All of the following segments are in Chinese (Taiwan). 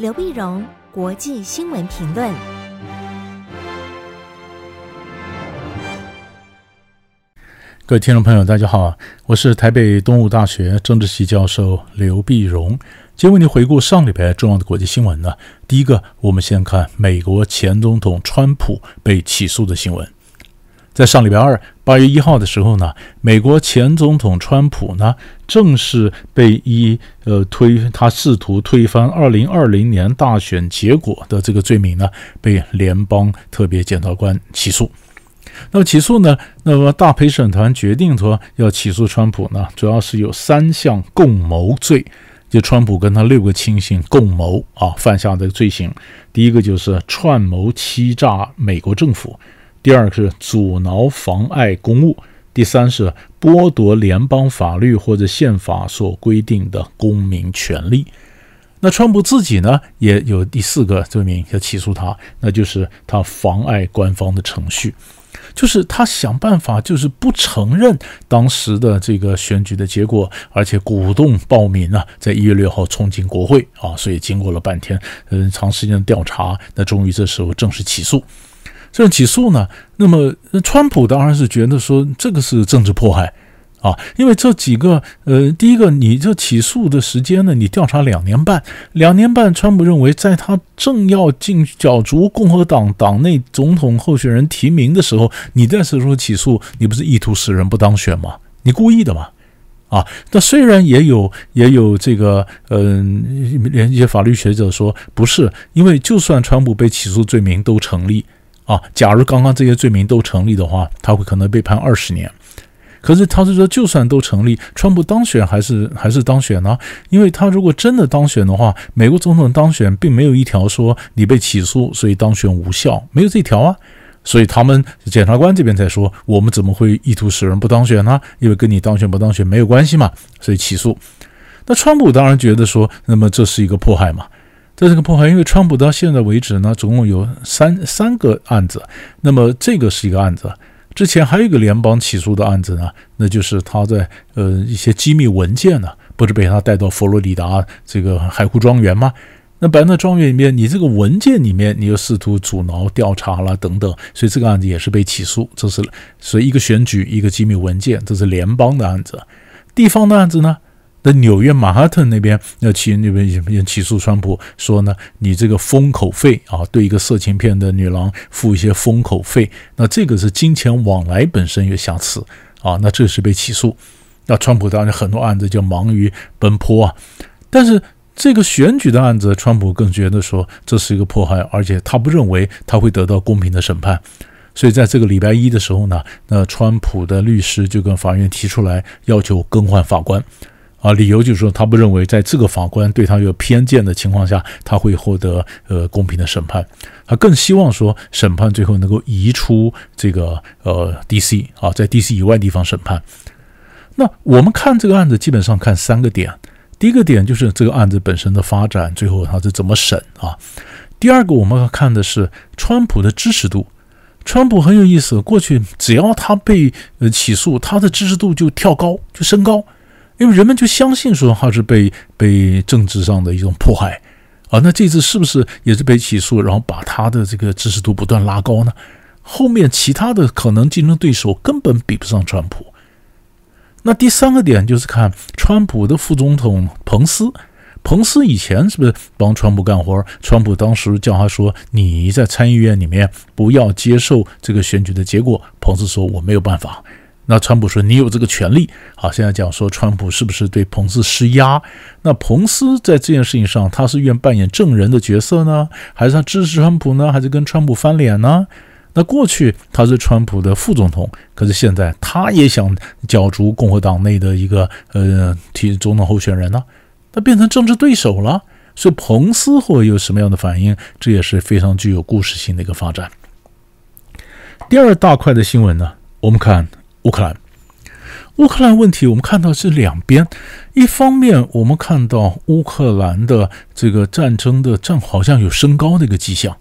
劉必榮，國際新聞評論。各位聽眾朋友，大家好，我是台北東吳大學政治系教授劉必榮。今天，為您回顧上禮拜重要的國際新聞呢。第一個，我們先看美國前總統川普被起訴的新聞。在上禮拜二，八月一號的時候呢，美國前總統川普呢。正式被一呃推，他試圖推翻二零二零年大選結果的這個罪名呢，被聯邦特別檢察官起訴。那麼起訴呢？那麼大陪審團決定說要起訴川普呢，主要是有三項共謀罪，就川普跟他六個親信共謀啊犯下的罪行。第一個就是串謀欺詐美國政府，第二個是阻撓妨礙公務。第三是剝奪聯邦法律或者憲法所規定的公民權利。那川普自己呢，也有第四個罪名要起訴他，那就是他妨礙官方的程序，就是他想辦法就是不承認當時的這個選舉的結果，而且鼓動暴民呢、啊、在一月六號衝進國會啊，所以經過了半天嗯、呃、長時間的調查，那終於這時候正式起訴。這樣起訴呢？那麼，川普當然是覺得說這個是政治迫害啊，因為這幾個呃，第一個，你這起訴的時間呢，你調查兩年半，兩年半，川普認為在他正要進角逐共和黨黨內總統候選人提名的時候，你這時候起訴，你不是意圖使人不當選嗎？你故意的嗎？啊，那雖然也有也有這個呃，連一些法律學者說不是，因為就算川普被起訴罪名都成立。啊，假如剛剛這些罪名都成立的話，他會可能被判二十年。可是他是說，就算都成立，川普當選還是還是當選呢、啊？因為他如果真的當選的話，美國總統當選並沒有一條說你被起訴所以當選無效，沒有這條啊。所以他們檢察官這邊才說，我們怎麼會意圖使人不當選呢、啊？因為跟你當選不當選沒有關係嘛。所以起訴，那川普當然覺得說，那麼這是一個迫害嘛。在這個迫害，因為川普到現在為止呢，總共有三三個案子。那麼這個是一個案子，之前還有一個聯邦起訴的案子呢，那就是他在呃一些機密文件呢，不是被他帶到佛羅里達這個海湖莊園嗎？那擺在莊園裡面，你這個文件裡面，你又試圖阻撓調查了等等，所以這個案子也是被起訴。這是所以一個選舉，一個機密文件，這是聯邦的案子，地方的案子呢？那紐約曼哈頓那邊要去那，那邊也起訴川普，說呢，你這個封口費啊，對一個色情片的女郎付一些封口費，那這個是金錢往來本身有瑕疵啊，那這是被起訴。那川普當然很多案子就忙於奔波啊，但是這個選舉的案子，川普更覺得說這是一個迫害，而且他不認為他會得到公平的審判，所以在這個禮拜一的時候呢，那川普的律師就跟法院提出來要求更換法官。啊，理由就是說，他不認為在這個法官對他有偏見的情況下，他會獲得呃公平的審判。他更希望說，審判最後能夠移出這個呃 D.C. 啊，在 D.C. 以外地方審判。那我們看這個案子，基本上看三個點。第一個點就是這個案子本身的發展，最後他是怎麼審啊？第二個，我們要看的是川普的支持度。川普很有意思，過去只要他被呃起訴，他的支持度就跳高，就升高。因為人們就相信說他是被被政治上的一種迫害啊，那這次是不是也是被起訴，然後把他的這個支持度不斷拉高呢？後面其他的可能競爭對手根本比不上川普。那第三個點就是看川普的副總統彭斯，彭斯以前是不是幫川普幹活？川普當時叫他說：“你在參議院裡面不要接受這個選舉的結果。”彭斯說：“我沒有辦法。”那川普說：“你有這個權利。”好，現在講說川普是不是對彭斯施壓？那彭斯在這件事情上，他是願扮演證人的角色呢，還是他支持川普呢，還是跟川普翻臉呢？那過去他是川普的副總統，可是現在他也想角逐共和黨內的一個呃提總統候選人呢，那變成政治對手了。所以彭斯會有什麼樣的反應？這也是非常具有故事性的一個發展。第二大塊的新聞呢，我們看。烏克蘭，烏克蘭問題，我們看到是兩邊。一方面，我們看到烏克蘭的這個戰爭的戰火好像有升高的一個跡象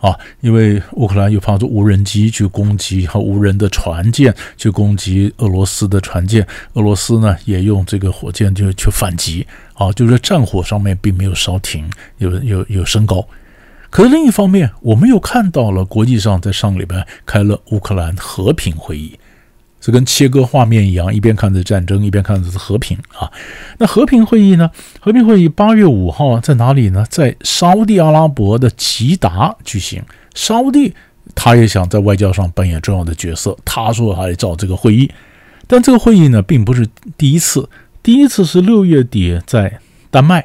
啊，因為烏克蘭又派出無人機去攻擊和無人的船艦去攻擊俄羅斯的船艦，俄羅斯呢也用這個火箭就去反擊啊，就是戰火上面並沒有稍停，有有有升高。可是另一方面，我們又看到了國際上在上個禮拜開了烏克蘭和平會議。這跟切割畫面一樣，一邊看着戰爭，一邊看着和平啊。那和平會議呢？和平會議八月五號在哪裡呢？在沙烏地阿拉伯的吉達舉行。沙烏地他也想在外交上扮演重要的角色，他說他來召這個會議。但這個會議呢，並不是第一次，第一次是六月底在丹麥。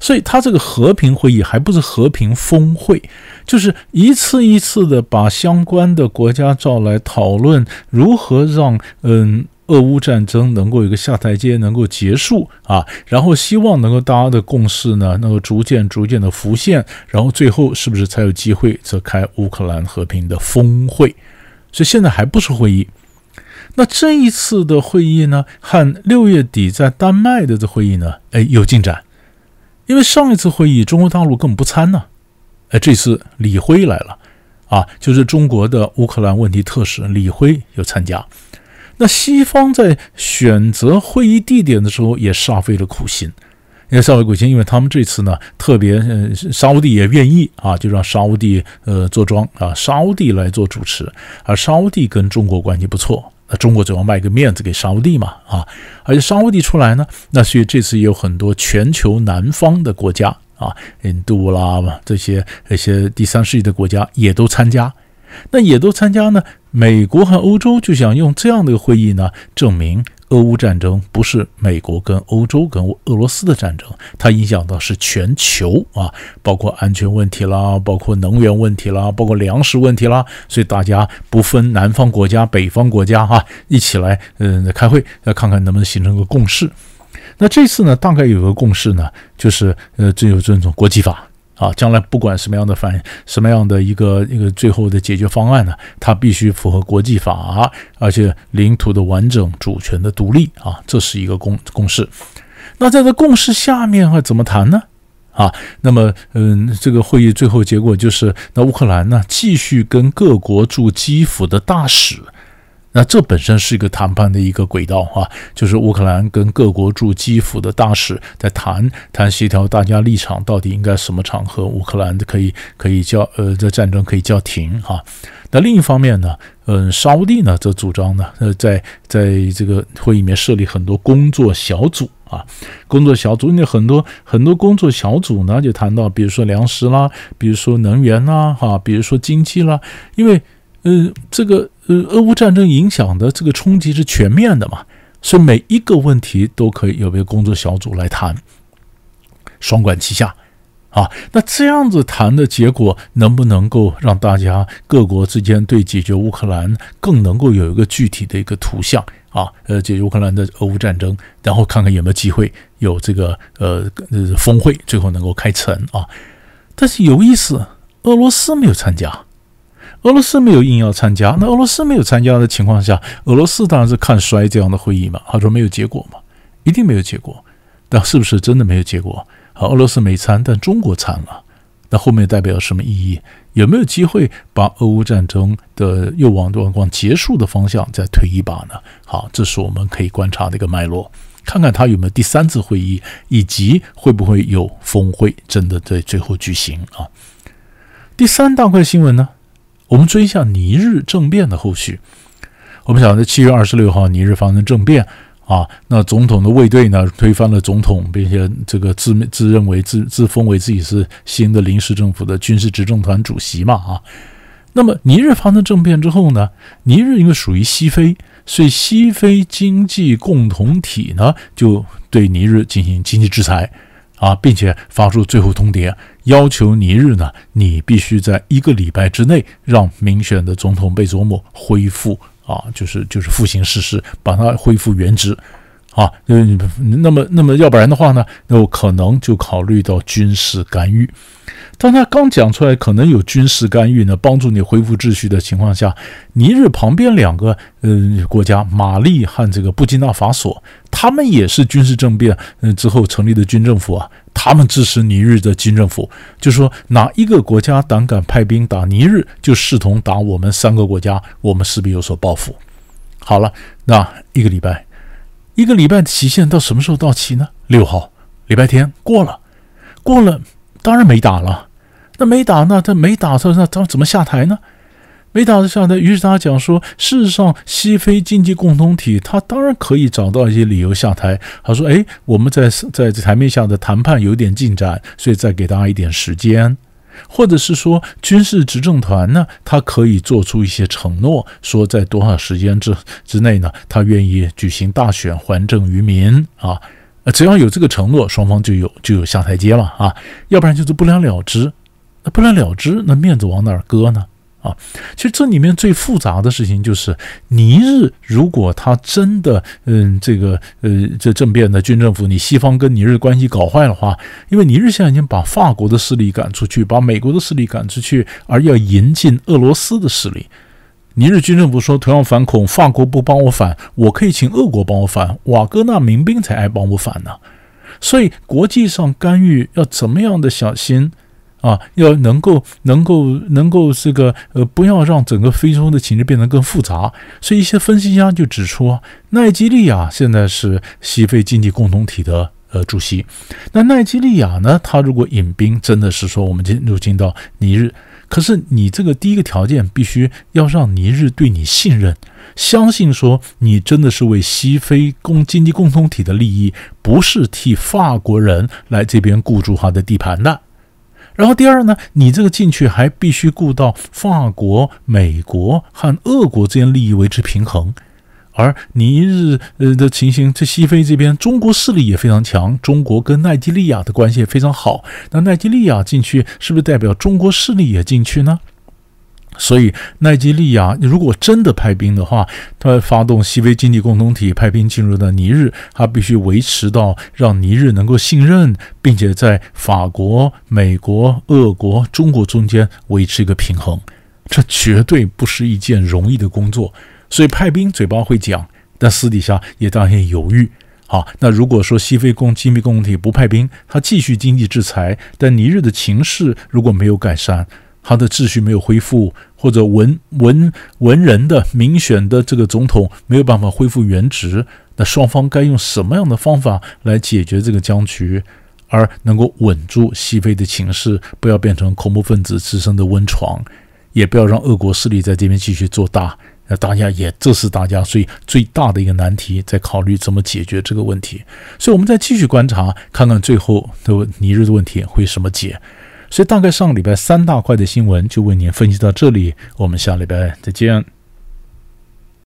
所以，他這個和平會議還不是和平峰會，就是一次一次的把相關的國家召來討論如何讓嗯，俄烏戰爭能夠有一個下台階，能夠結束啊，然後希望能夠大家的共識呢能夠逐漸逐漸的浮現，然後最後是不是才有機會召開烏克蘭和平的峰會？所以現在還不是會議。那這一次的會議呢，和六月底在丹麥的這會議呢，哎，有進展。因為上一次會議，中國大陸根本不參呢，哎，這次李輝來了，啊，就是中國的烏克蘭問題特使李輝有參加。那西方在選擇會議地點的時候也煞費了苦心，也煞費苦心，因為他們這次呢，特別，嗯，沙烏地也願意啊，就讓沙烏地呃坐莊啊，沙烏地來做主持，啊，沙烏地跟中國關係不錯。那中國總要賣個面子給沙烏地嘛，啊，而且沙烏地出來呢，那所以這次也有很多全球南方的國家啊，印度啦，這些這些第三世界的國家也都參加，那也都參加呢，美國和歐洲就想用這樣的會議呢，證明。俄烏戰爭不是美國跟歐洲跟俄羅斯的戰爭，它影響到是全球啊，包括安全問題啦，包括能源問題啦，包括糧食問題啦，所以大家不分南方國家、北方國家哈、啊，一起來嗯、呃、開會，來看看能不能形成個共識。那這次呢，大概有個共識呢，就是呃，尊重尊重國際法。啊，將來不管什麼樣的反，什麼樣的一個一個最後的解決方案呢，啊，它必須符合國際法，而且領土的完整、主權的獨立啊，這是一個共共識。那在這共識下面會怎麼談呢？啊，那麼嗯，這個會議最後結果就是，那烏克蘭呢，繼續跟各國駐基輔的大使。那這本身是一個談判的一個軌道啊，就是烏克蘭跟各國駐基輔的大使在談，談協調大家立場，到底應該什麼場合烏克蘭可以可以叫呃在戰爭可以叫停哈、啊。那另一方面呢，嗯、呃，沙烏地呢則主張呢，呃，在在這個會議裡面設立很多工作小組啊，工作小組，那很多很多工作小組呢就談到，比如說糧食啦，比如說能源啦啊哈，比如說經濟啦，因為。呃，這個呃，俄烏戰爭影響的這個衝擊是全面的嘛，所以每一個問題都可以有一個工作小組來談，雙管齊下啊。那這樣子談的結果能不能夠讓大家各國之間對解決烏克蘭更能夠有一個具體的一個圖像啊？呃，解決烏克蘭的俄烏戰爭，然後看看有沒有機會有這個呃呃峰會，最後能夠開成啊。但是有意思，俄羅斯沒有參加。俄羅斯沒有應邀參加，那俄羅斯沒有參加的情況下，俄羅斯當然是看衰這樣的會議嘛。他說沒有結果嘛，一定沒有結果，但是不是真的沒有結果？好，俄羅斯沒參，但中國參了，那後面代表什麼意義？有沒有機會把俄烏戰爭的又往多往結束的方向再推一把呢？好，這是我們可以觀察的一個脈絡，看看他有沒有第三次會議，以及會不會有峰會真的在最後舉行啊？第三大塊新聞呢？我們追一下尼日政變的後續。我們想在七月二十六號尼日發生政變啊，那總統的衛隊呢，推翻了總統，並且這個自自認為自自封為自己是新的臨時政府的軍事執政團主席嘛啊。那麼尼日發生政變之後呢，尼日因為屬於西非，所以西非經濟共同體呢就對尼日進行經濟制裁。啊，並且發出最後通牒，要求尼日呢，你必須在一個禮拜之內讓民選的總統貝佐姆恢復啊，就是就是復行視事，把他恢復原職，啊，嗯，那麼那麼要不然的話呢，那我可能就考慮到軍事干預。當他剛講出來可能有軍事干預呢，幫助你恢復秩序的情況下，尼日旁邊兩個嗯、呃、國家馬利和這個布基納法索。他們也是軍事政變，嗯，之後成立的軍政府啊。他們支持尼日的軍政府，就是說，哪一個國家膽敢派兵打尼日，就視同打我們三個國家，我們勢必有所報復。好了，那一個禮拜，一個禮拜的期限到什麼時候到期呢？六號，禮拜天，過了，過了，當然沒打了。那沒打，那他沒打，他那他怎麼下台呢？沒打着下台，於是他講說：事實上，西非經濟共同體他當然可以找到一些理由下台。他說：哎，我們在在這台面下的談判有點進展，所以再給大家一點時間，或者是說軍事執政團呢，他可以做出一些承諾，說在多少時間之之內呢，他願意舉行大選，還政於民啊。只要有這個承諾，雙方就有就有下台階了啊，要不然就是不了了之。那不，不了了之，那面子往哪兒擱呢？啊，其實這裡面最複雜的事情就是尼日，如果他真的，嗯，這個，呃，這政變的軍政府，你西方跟尼日關係搞壞的話，因為尼日現在已經把法國的勢力趕出去，把美國的勢力趕出去，而要引進俄羅斯的勢力。尼日軍政府說，同樣反恐，法國不幫我反，我可以請俄國幫我反，瓦格納民兵才愛幫我反呢。所以，國際上干預要怎麼樣的小心。啊，要能夠能夠能夠這個呃，不要讓整個非洲的情勢變得更複雜。所以一些分析家就指出，奈及利亞現在是西非經濟共同體的呃主席。那奈及利亞呢，他如果引兵，真的是說我們進入進到尼日，可是你這個第一個條件，必須要讓尼日對你信任，相信說你真的是為西非經經濟共同體的利益，不是替法國人來這邊固住他的地盤的。然後第二呢，你這個進去還必須顧到法國、美國和俄國之間利益維持平衡，而尼日呃的情形，這西非這邊中國勢力也非常強，中國跟奈及利亞的關係也非常好，那奈及利亞進去是不是代表中國勢力也進去呢？所以，奈及利亞如果真的派兵的話，他發動西非經濟共同體派兵進入到尼日，他必須維持到讓尼日能夠信任，並且在法國、美國、俄國、中國中間維持一個平衡，這絕對不是一件容易的工作。所以派兵嘴巴會講，但私底下也當然猶豫。好，那如果說西非機密共經濟共同體不派兵，他繼續經濟制裁，但尼日的情勢如果沒有改善，他的秩序沒有恢復，或者文文文人的民選的這個總統沒有辦法恢復原職，那雙方該用什麼樣的方法來解決這個僵局，而能夠穩住西非的情勢，不要變成恐怖分子滋生的溫床，也不要讓俄國勢力在這邊繼續做大，那大家也這是大家最最大的一個難題，在考慮怎麼解決這個問題。所以，我們再繼續觀察，看看最後的尼日的問題會什麼解。所以，大概上禮拜三大塊的新聞就為您分析到這裡，我們下禮拜再見。